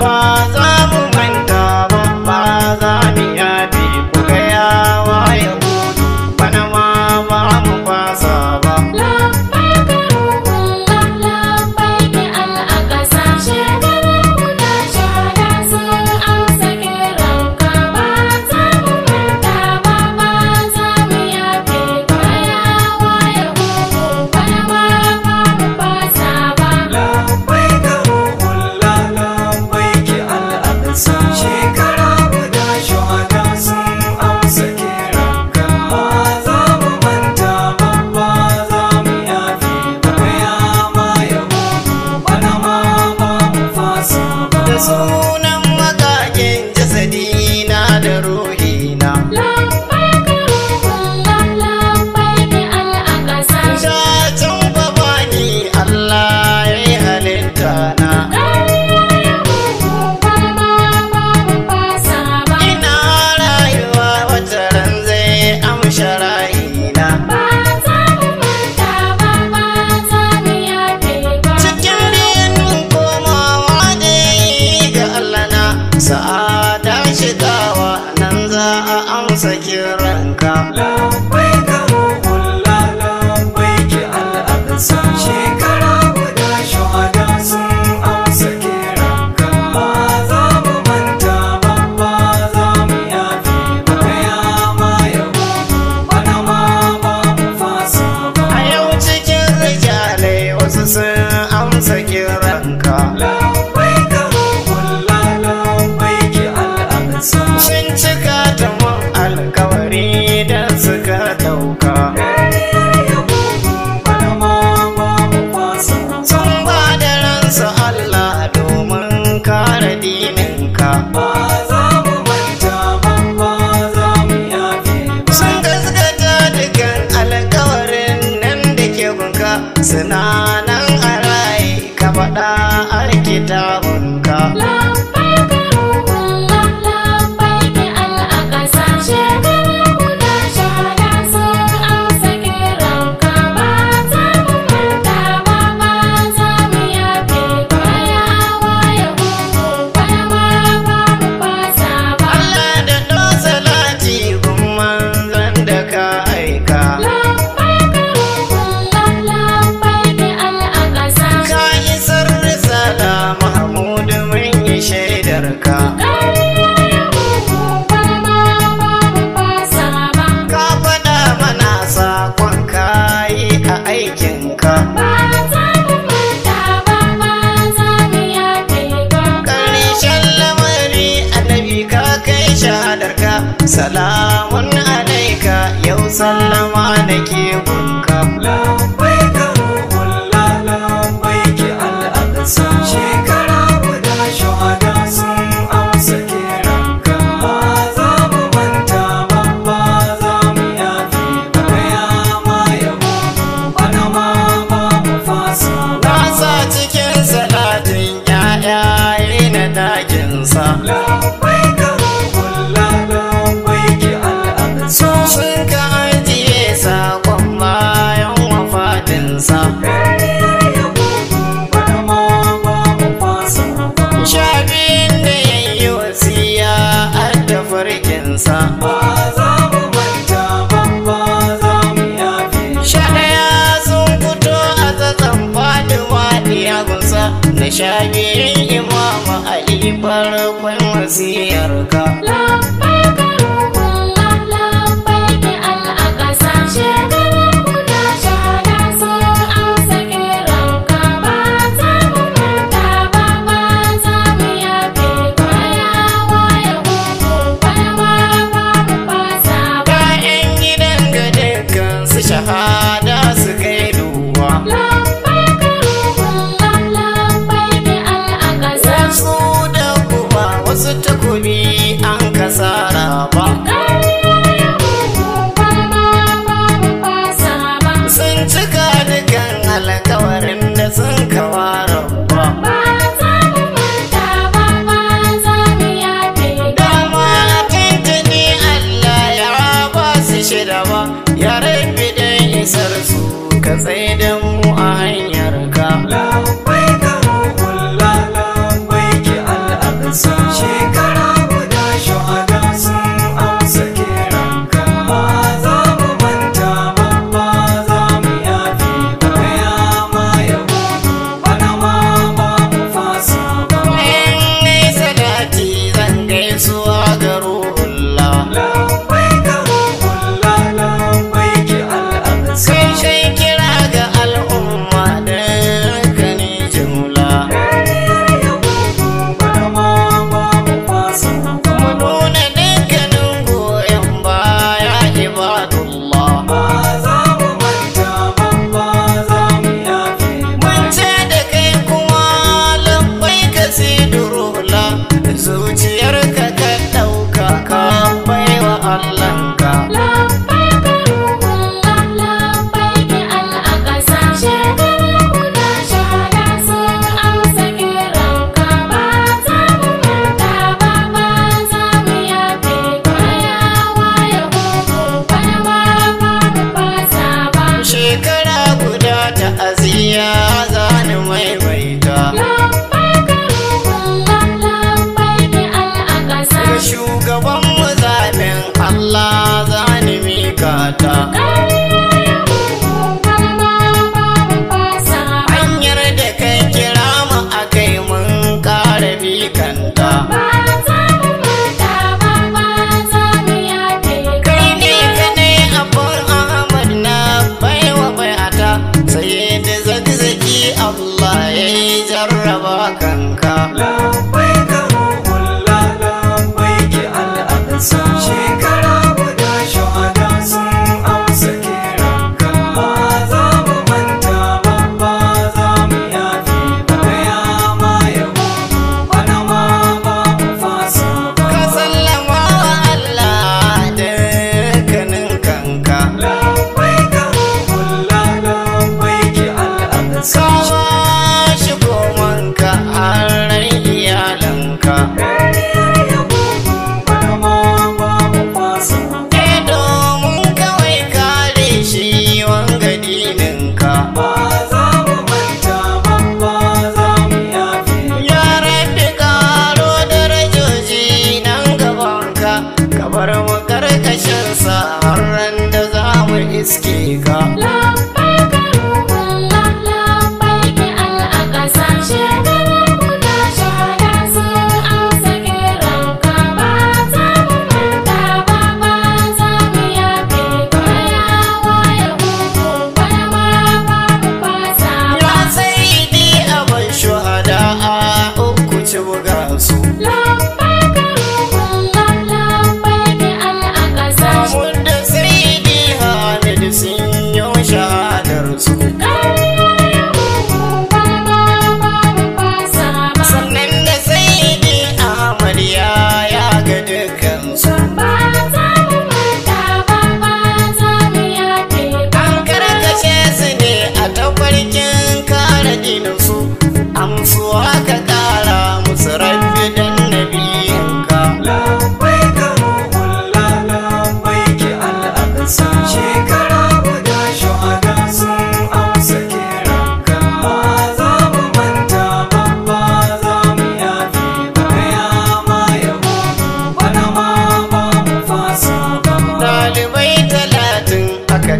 ba za boca. صلى shafi imama ali farkon wasiyarka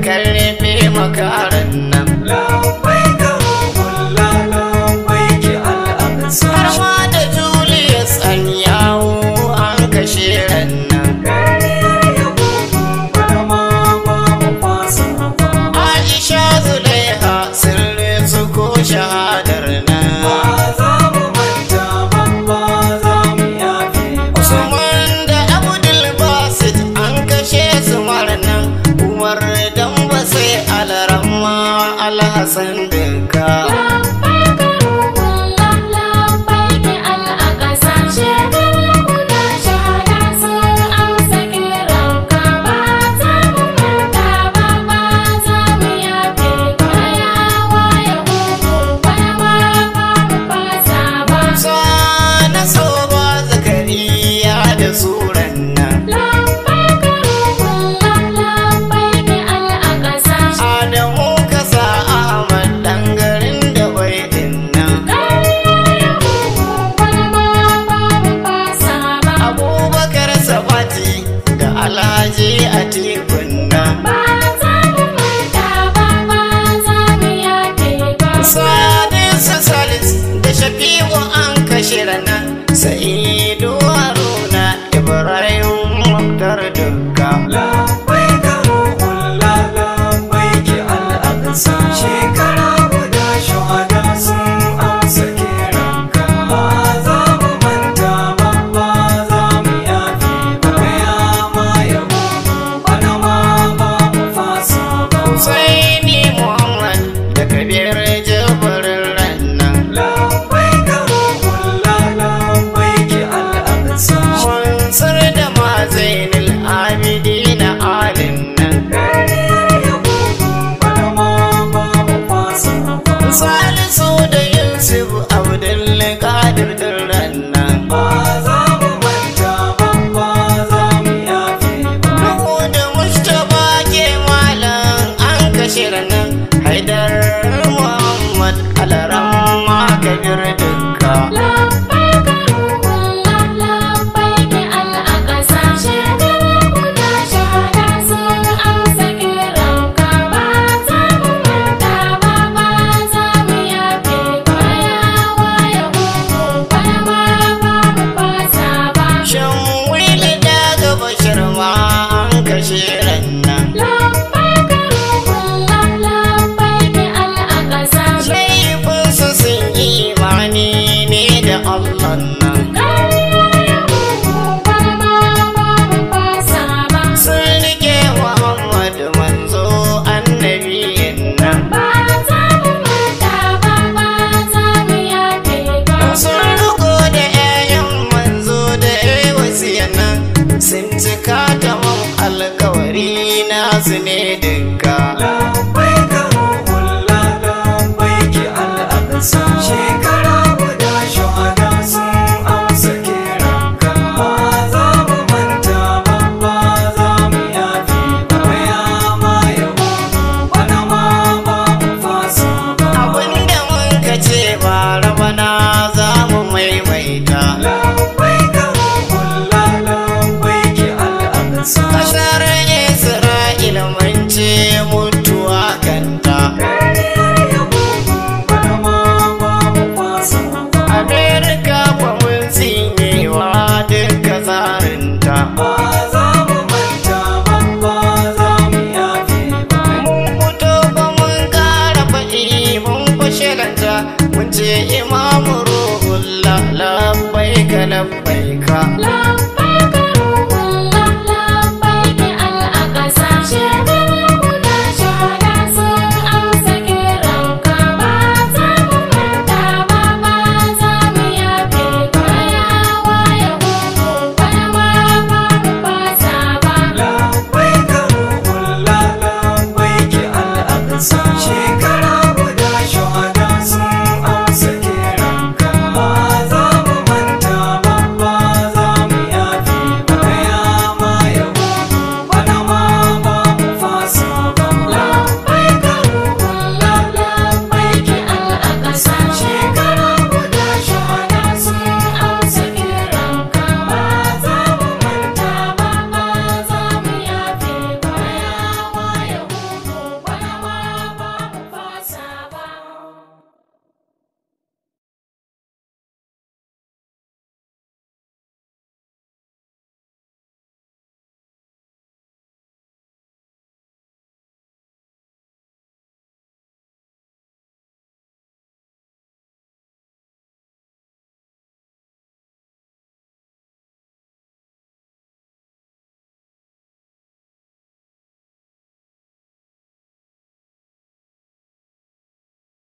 querer san shirin nan ido nasu ne dinka lambai ga hulla lambai ki al'aqsa shekara guda shuhada sun amsa kiranka ba za mu manta ba za mu yafi ba ya ma yabo bana ma fasa ba abinda mun ka ce ba rabana za mu maimaita lambai ga hulla lambai ki al'aqsa